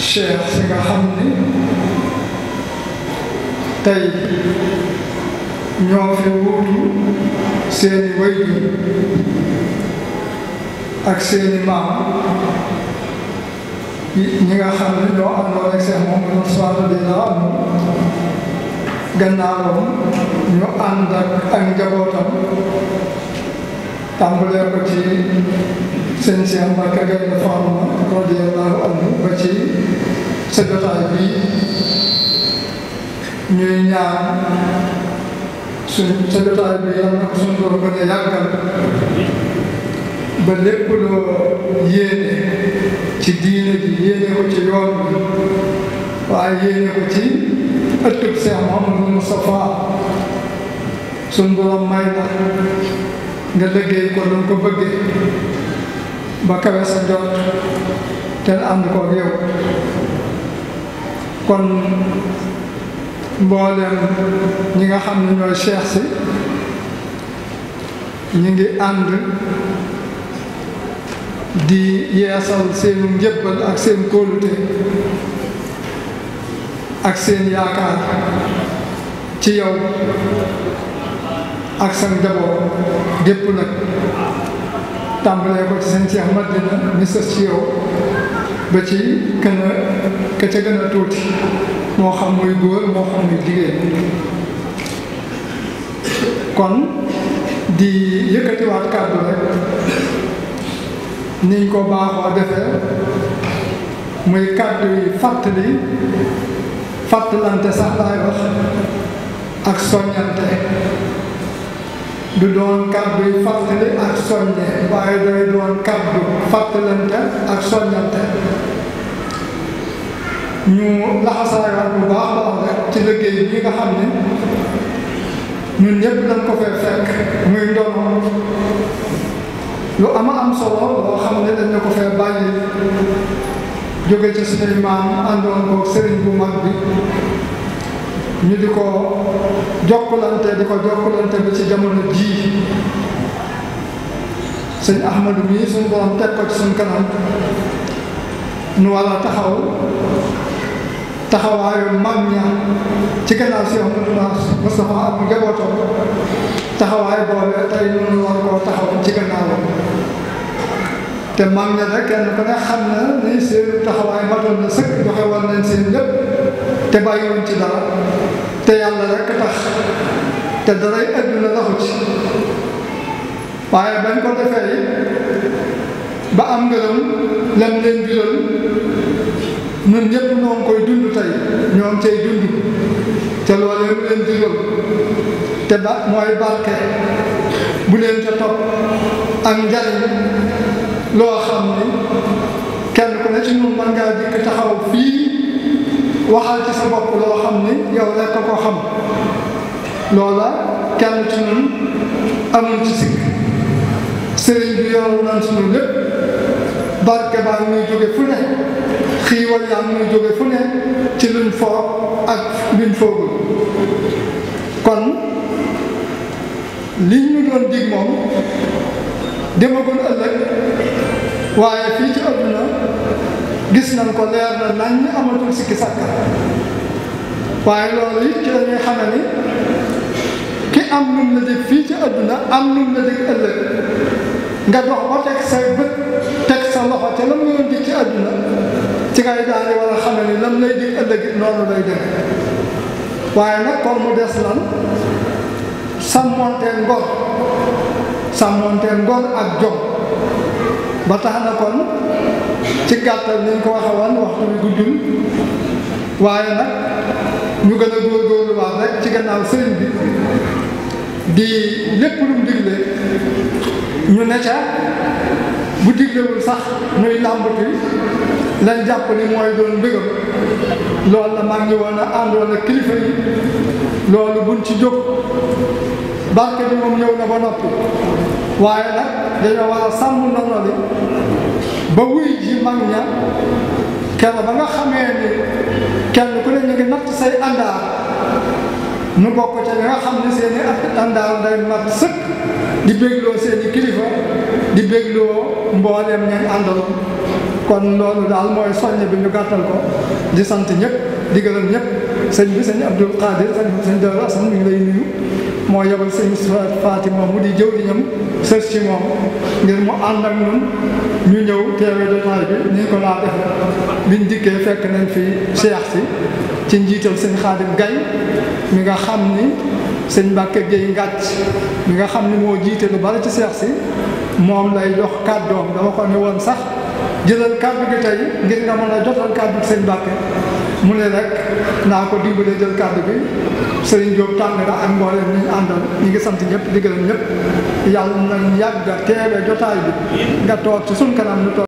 cheikh si nga xam ne tey ñoo fi wuutu seeni wayjur ak seeni maam ñi nga xam ne ñoo àndoon ak Cheikh Mouhamadou Moustapha radiyallahu anhu gannaawam ñu ànd ak ak njabootam tàmbalee ko ci seen Cheikh Mbacké Gaïndé Fatma radiyallahu anhu ba ci sa jotaay bi ñuy ñaan suñu sa bi yàlla na ko suñu yàggal ba lépp yéene ci diine ji yéene ko ci yoon bi waaye yéene ko ci ëttub Seex Muhammadu Mustafaa suñu borom may nga liggéey ko doon ko bëggee ba kawe sa jot te ànd ko ak kon mboolem ñi nga xam ne ñooy cheikh si ñu ngi ànd di yeesal seenu njëbbal ak seen kóolute ak seen yaakaar ci yow ak sa njaboot gépp nag tàmbalee ko ci seen Cheikh Madina mi sës ci yow ba ci gën a ka ca gën a tuuti moo xam muy góor moo xam muy jigéen kon di yëkkatiwaat kàddu rek niñ ko baaxoo defee muy kàddu yi fàttali fàttalante sax wax ak soññante du doon kàddu yi fàttali ak soññe waaye day doon kàddu fàttalante ak soññante ñu laxasaayoon bu baax baax rek ci liggéey bi nga xam ne ñun ñëpp dañ ko fee fekk muy ndono lu ama am solo loo xam ne dañ ko fee bàyyi jóge ci suñuy maam àndoon ko sëriñ bu mag bi ñu di ko jokkalante di ko jokkalante bi ci jamono jii sëñ Ahmadu mii suñ borom teg ko ci suñ kanam ñu war a taxaw taxawaayu mag ña ci gannaaw si Ahmadu Mustafa ak njabootam taxawaay boobee tey ñu war koo taxaw ci gannaawam te mag ña rek kenn ku ne xam na ni seen taxawaay matoon na sëkk joxe war nañ seen lépp te bàyyiwuñ ci dara te yàlla rekk tax te daray àdduna taxu ci waaye bañ defee ba am ngërëm lam leen jural ñun ñëpp ñoo ngi koy dund tey ñoo ngi cay dund te loolee mu leen jural te ba mooy barke bu leen ca topp ak njariñ loo xam ni kenn ku ne ci ñun mën ngaa dikk taxaw fii waxal ci sa bopp loo xam ni yow rekk ko xam loola kenn ci ñun amul ci sikk sëriñ bi yoonu nan suñu lépp barke baa muy jóge fu xiiwal yaa muy jóge fu ne ci luñ foog ak luñ foogul kon liñ ñu doon dig moom demagul ëllëg waaye fii ci àdduna gis nañ ko leer na nañ amatul sikki sàkka waaye loolu it ci dañuy xame ni ki am nun la jëg fii ci àdduna am nun la jëg ëllëg nga dox ba teg say bët teg sa loxo te lam nga doon dig ci àdduna ci ngay daal di war a xame ni lam lay dig ëllëg noonu lay dem waaye nag kon mu des lan sàmmoonte ngor sàmmoonte ngor ak jom ba tax ci gàttal niñ ko waxe woon waxtu bi waaye nag ñu gën a góorgóorlu waat rek ci gannaaw sëriñ bi di lépp lu mu digle ñu ne bu diglewul sax ñuy làmbati lañ jàpp ni mooy doon mbégam loolu la maa ngi woon a àndoon ak kilifa yi loolu buñ ci jóg barke bi moom ñëw na ba noppi waaye nag dañoo war a sàmm ndono li ba wuy ji mag ña kenn ba nga xamee ni kenn ku ne ñu ngi natt say àndaar nu bokk ca nga xam ne seen àndaar day mat sëkk di bégloo seen kilifa di bégloo mbooleem ñañ àndaloon kon loolu daal mooy soññ bi ñu gàttal ko di sant ñëpp di gërëm ñépp sëñ bi sëñ Abdul Qadir xalifa sëñ Daaru Asan mi ngi moo yebal sëñ Moustapha moom mu di jëw di ñam sës ci moom ngir mu ànd ak ñun ñu ñëw teewe jotaay bi ni ko laa def biñ dikkee fekk nañ fi Cheikh si ci njiital seen Xaadim Gay mi nga xam ni sëñ Mbàkke Géey ngàcc mi nga xam ni moo jiite lu bari ci Cheikh si moom lay jox kàddoom dama ko ne woon sax jëlal kàddu gi tey ngir nga mën a jotal kàddu sëñ Mbàkke mu ne rek naa ko dimbale jël kàddu bi Serigne Diop Tàmbira ak mboolem ñu àndal ñi ngi sant ñëpp di gërëm ñëpp yàlla nañ yàgg teewee jotaay bi nga toog ci kanam ñu toog